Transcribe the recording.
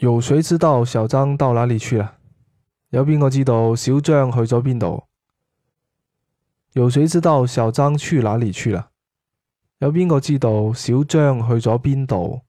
有誰知道小張到哪裏去了？有邊個知道小張去咗邊度？有誰知道小張去哪裏去了？有邊個知道小張去咗邊度？